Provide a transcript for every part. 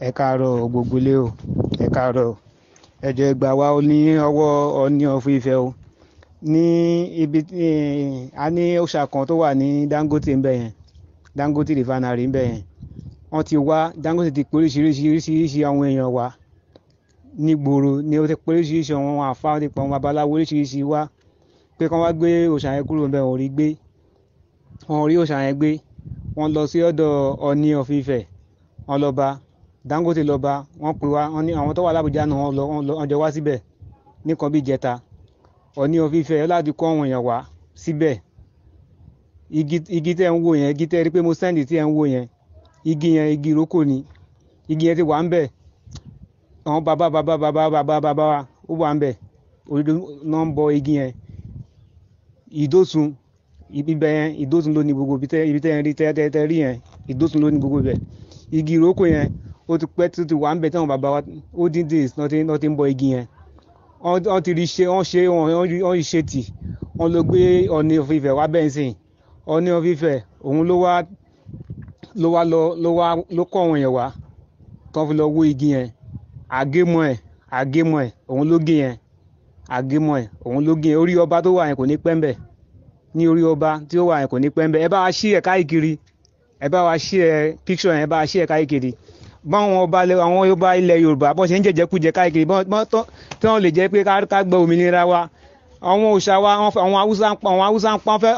ẹ káàárọ̀ gbogbo ilé o ẹ káàárọ̀ ẹjọ ẹgbà wa ó ní ọwọ́ ọní ọ̀fun Ifẹ̀ o ní ibi eh, a ní òòṣà kan tó wà ní Dangote ń bẹ yẹn Dangote refinery ń bẹ yẹn wọ́n ti wá Dangote ti poríṣiríṣiríṣiríṣi àwọn èèyàn wa nígboro ni ó ti poríṣiríṣi àwọn àfa ó ti pọ̀ àwọn babaláwo oríṣiríṣi wá pé kí wọ́n wá gbé òòṣà yẹn kúrò ń bẹ wọ́n rí gbé wọ́n rí òòṣà yẹn gbé wọ́n lọ sí ọ̀dọ̀ ọní ọ̀fun Ifẹ̀ wọ́n lọ bá Dangote lọ bá wọ́n pè wá wọ́n ní àwọn tó wà lábújá náà wọ́n lọ wọ́n lọ ọjọ́ wá síbẹ̀ nìkan bí ìjẹta Ọọ̀ni of Ife ẹ àwọn èèyàn wá síbẹ̀ igi tẹ́ ń wò yẹn igi tẹ́ rí pé mo sẹ́ndì tí ẹ ń wò yẹn igi yẹn igi ìrókò ni igi yẹn ti wà ń bẹ̀ àwọn bàbá bàbá bàbá bàbá bàbá wa ó wà ń bẹ̀ òdodo náà ń bọ igi yẹn ìdósun ibibẹ yẹn ìdósun ló ní gbogbo ibi tẹ́ ẹ rí yẹn ìdósun ló ní gbogbo ibẹ̀ igi ìrókò yẹn ó ti pẹ́ tó ti wà ń bẹ̀ táwọn bàbá wa ó dín dín náà ti ń bọ igi yẹn wọ́n ti rí ṣe wọ́n ṣe wọ́n rí ṣe tì wọ́n ló gbé Ọọ̀ni of Ifẹ̀ wá bẹ́ẹ̀ sìn Ọọ̀ni of Ifẹ̀ òun ló wá ló wá lọ ló wá ló kọ́ àwọn èèyàn wá tán fi lọ wó igi yẹn àgémọ̀ ẹ̀ àgémọ̀ ẹ̀ òun ló gé yẹn àgémọ̀ ẹ̀ òun ló gé yẹn orí ọba tó wà yẹn kò ní pẹ́ńbẹ̀ ní orí ọba tí ó wà yẹn kò ní pẹ́ńbẹ̀ ẹ bá wa ṣí ẹ̀ káyìkiri ẹ bá wa ṣí ẹ̀ píkṣọ̀ yẹn ẹ bá wa ṣí ẹ̀ káyìkiri báwọn ọba àwọn ọba ilẹ̀ yorùbá bọ́n ṣe ń jẹjẹkújẹ káàkiri bọ́n tán lè jẹ́ pé ká gbọ́ òmìnira wa àwọn òòṣà wa àwọn haúsá ń pa àwọn haúsá ń pa fẹ́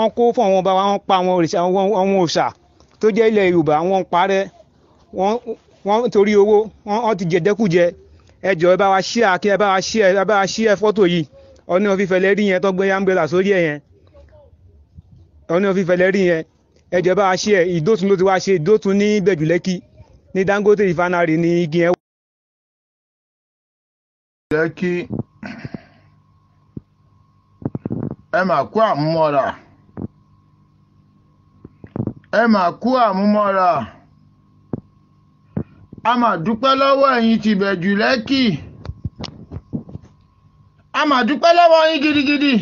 ọ̀n kó fún àwọn ọba wa wọ́n pa àwọn òòṣà tó jẹ́ ilẹ̀ yorùbá wọ́n parẹ́ wọ́n torí owó wọ́n ti jẹjẹkújẹ ẹ jọ̀ọ́ ẹ bá wa ṣí àkí ẹ bá wa ṣí ẹ ẹ bá wa ṣí ẹ fọ́tò yìí ọ̀nà fífẹ̀lẹ́ rí yẹn tó gbé yámbélà sórí ẹ̀ yẹn ọ̀nà fífẹ̀lẹ́ rí yẹn ẹ jọ̀ọ́ ẹ bá wa ṣí ẹ ìdótun ló ti wá ṣe ìdótun ní bẹ̀jùlẹ́kì ní Dangote refinery ní igi yẹn. jẹ́ kí ẹ máa àmúmọ́ra ẹ máa lẹ́kì a lọ́wọ́ yín gidigidi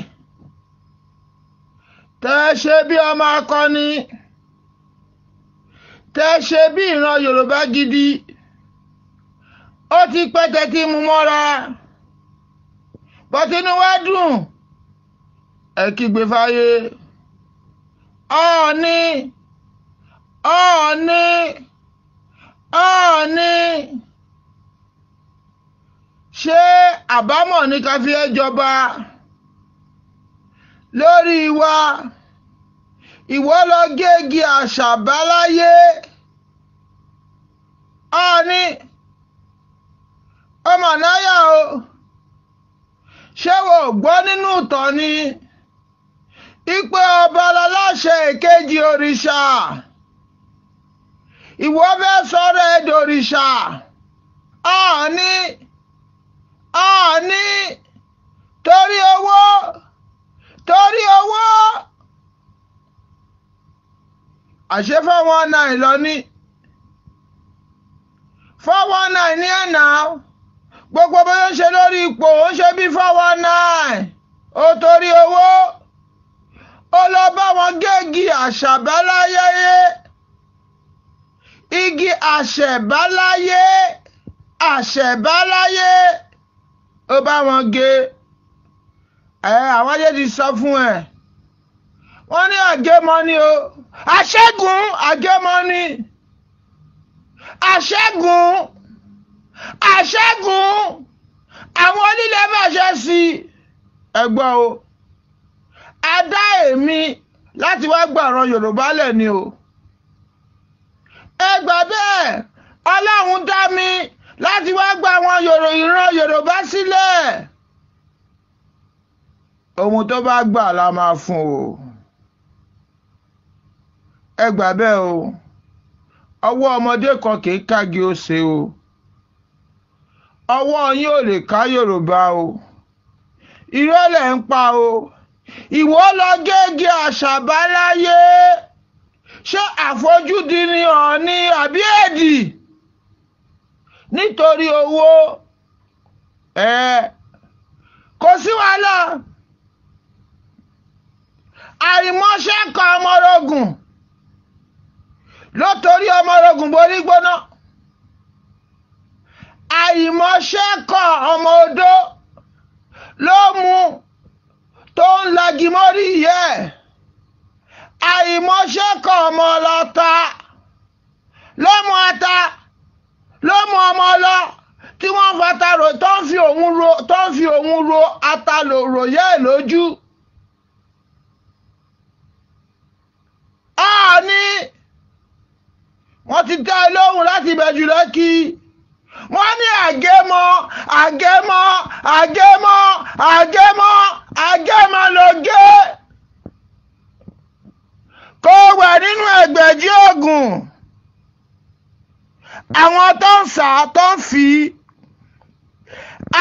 tẹ́ ṣe bí ọmọ akọni. tẹ́ ẹ ṣe bí ìran Yorùbá gidi ó ti pẹ́ tẹ́tí mú mọ́ra bọ́tínú wá dùn ẹ kígbe fáyé ọ̀ọ́ni ọ̀ọ́ni ọ̀ọ́ni ṣé àbámọ̀ ni ká fi ẹ́ jọba lórí wa ìwọ lọ gégi àṣàbáláyé a ní ọmọ náyà o ṣé wo gbọ́ nínú ìtàn ni ipe ọba aláṣẹ èkejì òrìṣà ìwọ fẹ́ sọ̀rọ̀ ẹ̀dọ̀ òrìṣà a ní a ní torí àṣẹ four one nine lọ ní four one nine ní ẹ̀nà gbogbo bóyá ń ṣe lórí ipò ó ń ṣe bí four one nine ó torí owó ó lọ bá wọn géègì àṣàbáláyé igi àṣẹ̀báláyé àṣẹ̀báláyé ó bá wọn gé ẹ àwọn ayé ti sọ fún ẹ wọ́n ní àgẹmọ ni o àṣẹ́gun àgẹmọ ni àṣẹ́gun àṣẹ́gun àwọn onílẹ̀ fàṣẹ sí i ẹ̀gbọ́n o a dá èmi láti wá gbàràn Yorùbá lẹ̀ ni o ẹ gbà bẹ́ẹ̀ Ọlọ́run dá mi láti wá gba àwọn ìran Yorùbá sílẹ̀ ohun tó bá gbà la máa fún o. ẹ gbà bẹ́ẹ̀ o ọwọ́ ọmọdé kan kì í kági ó ṣe o ọwọ́ yín ò lè ká Yorùbá o irọ́ lẹ̀ ń pa o ìwọ lọ gẹ́gẹ́ àṣàbáláyé ṣé àfojúdi ni ọ̀ ní àbí èdì nítorí owó ẹ kò sí wàhálà àìmọ̀ṣẹ́ kan ọmọ orogun. lótorí ọmọ orogun borí gbóná àìmọ̀ṣẹ́kọ̀ ọmọ odó ló mú tó ń lagi mórí yẹ àìmọ̀ṣẹ́kọ̀ ọmọ ọlọ́ta ló mú ata ló mú ọmọ ọlọ́ tí wọ́n fata rò tó ń fi òun ro ata lò ròyẹ́ lójú. wọ́n ti dá ẹ lóhùn láti ibẹ̀ jùlọ kí wọ́n ní àgẹ́mọ́ àgẹ́mọ́ àgẹ́mọ́ àgẹ́mọ́ àgẹ́mọ́ ló gé kó wẹ̀ nínú ẹgbẹ̀jì oògùn àwọn tó ń sà tó ń fi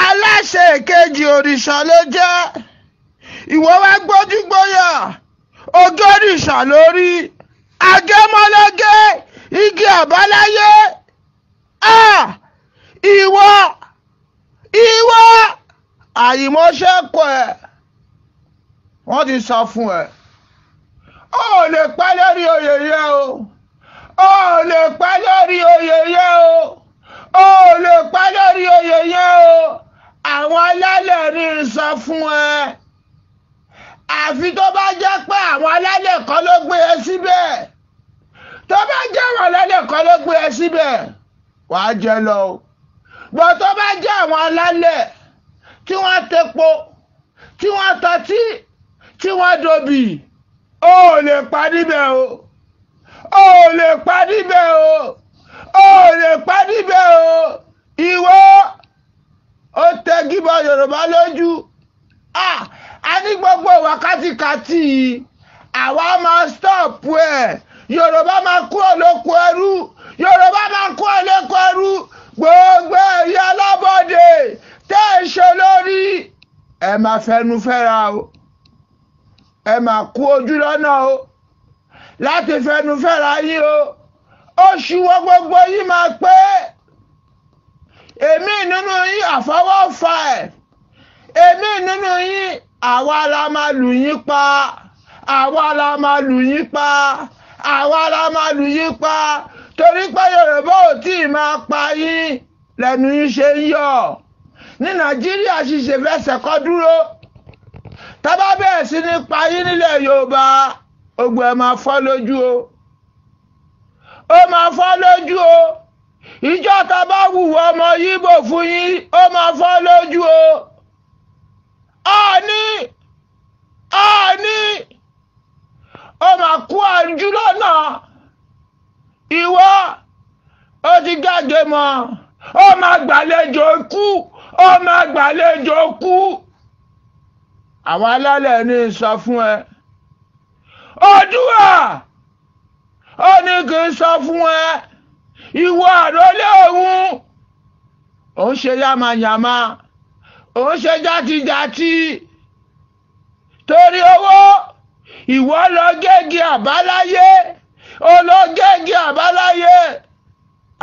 aláṣẹ èkejì òrìṣà ló jẹ́ ìwọ wá gbójúgbóyà ogórìṣà lórí àgẹ́mọ́ ló gé igi àbáláyé ìwọ ìwọ àyìmọ́ṣẹ́kọ̀ ẹ̀ wọ́n ti sọ fún ẹ̀ ó lè pẹ́ lórí oyè yẹ o ó lè pẹ́ lórí oyè yẹ o ó lè pẹ́ lórí oyè yẹ o àwọn alálẹ̀ rí sọ fún ẹ àfi tó bá jẹ́ pé àwọn alálẹ̀ kan ló gbé e síbẹ̀. Si tó bá jẹ́ àwọn alálẹ̀ kan ló gbé ẹ síbẹ̀ wàá jẹ lọ o bọ́ tó bá jẹ́ àwọn alálẹ̀ tí wọ́n tepo tí wọ́n tọ́tí tí wọ́n dobì ó lè pa níbẹ̀ o ó lè pa níbẹ̀ o ó lè pa níbẹ̀ o ìwọ ó tẹ gíbọ Yorùbá lójú a ní gbogbo wákàtí kàtí àwa máa stop ẹ̀. Eh yorùbá máa kú olóko ẹrú yorùbá máa kú olóko ẹrú gbogbo ẹ̀yà alábọ̀dé tẹ́ ẹ ṣe lórí ẹ máa fẹnu fẹ́ra o ẹ máa kú ojú lọ́nà o láti fẹnu fẹ́ra yín o oṣù wo gbogbo yín máa pé èmi nínú yín àfọwọ́fà ẹ̀ èmi nínú yín àwa la máa lù yín pa àwa la máa lù yín pa àwa la máa lù yín pa torí pé Yorùbá ò tí ì máa pa yín lẹ́nu yín ṣe ń yọ̀ ní Nàìjíríà ṣiṣẹ́ fẹsẹ̀ kọ́ dúró tábà bẹ̀rẹ̀ sí ní pa yín nílẹ̀ Yorùbá ogun ẹ̀ máa fọ́ lójú o ó máa fọ́ lójú o ìjọ ta bá wùwọ́ ọmọ yíbò fún yín ó máa fọ́ lójú o. ọmọ ó máa gbàlejò kú ó máa gbàlejò kú àwọn alálẹ̀ ní sọ fún ẹ Oòduà ó ní kí n sọ fún ẹ ìwọ àrólé òun òun ṣe yàmàyàmà òun ṣe játijàti torí owó ìwọ lọ gẹ́gẹ́ àbáláyé ológẹ́gẹ́ àbáláyé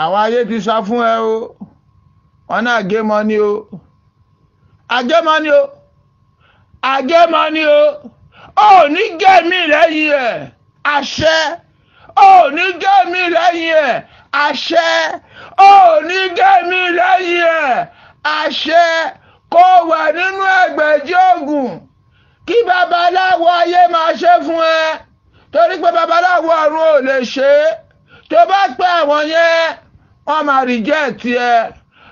àwọn ayé ti sá fún ẹ o wọn náà gémọ ni o àgémọ ni o àgémọ ni o ò ní gẹ̀mí lẹ́yìn ẹ̀ àṣẹ ò ní gẹ̀mí lẹ́yìn ẹ̀ àṣẹ ò ní gẹ̀mí lẹ́yìn ẹ̀ àṣẹ kó wà nínú ẹgbẹ̀jì oògùn kí babaláwo ayé máa ṣe fún ẹ torí pé babaláwo ọ̀run ò lè ṣe tó bá pẹ́ àwọn yẹn wọ́n máa reject ẹ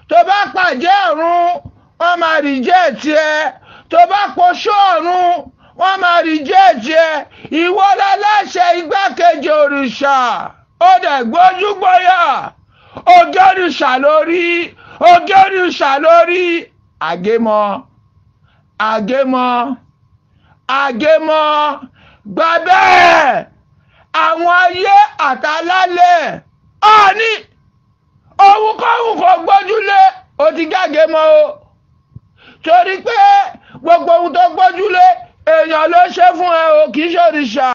tó bá pàdé ọ̀run wọ́n máa reject ẹ tó bá poṣó ọ̀run wọ́n máa reject ẹ ìwọ lẹ́lẹ́ṣẹ̀ igbákejì òrìṣà ó dẹ̀ gbójú gbóyà ojú òrìṣà lórí ojú òrìṣà lórí àgémọ àgémọ àgémọ gbà àwọn ayé àtàlálẹ̀ ọ̀ọ́ni ohunkóhun kò gbójúlé o ti gàgé mọ́ o torí pé gbogbo ohun tó gbójúlé èèyàn ló ṣe fún ẹ o kì í ṣòrìṣà.